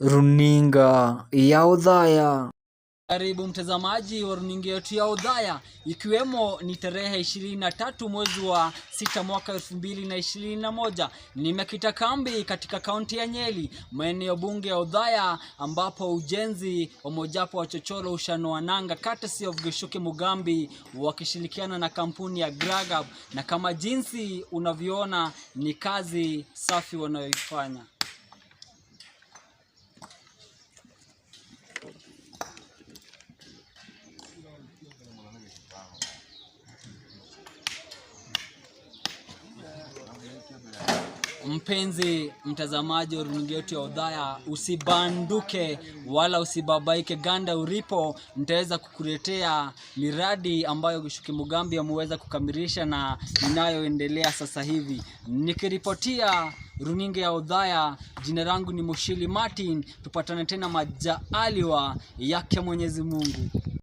runinga ya Udhaya. Karibu mtazamaji wa runinga yetu ya Udhaya, ikiwemo ni tarehe ishirini na tatu mwezi wa sita mwaka elfu mbili na ishirini na moja nimekita kambi katika kaunti ya Nyeri, maeneo bunge ya Udhaya, ambapo ujenzi wa mojapo wa chochoro ushanoa nanga courtesy of Gichuki Mugambi wakishirikiana na kampuni ya Gragab, na kama jinsi unavyoona ni kazi safi wanayoifanya. Mpenzi mtazamaji wa runinga yetu ya Udhaya, usibanduke wala usibabaike. Ganda ulipo, nitaweza kukuletea miradi ambayo Gichuki Mugambi ameweza kukamilisha na inayoendelea sasa hivi. Nikiripotia runinga ya Udhaya, jina langu ni Mushili Martin. Tupatane tena majaaliwa yake Mwenyezi Mungu.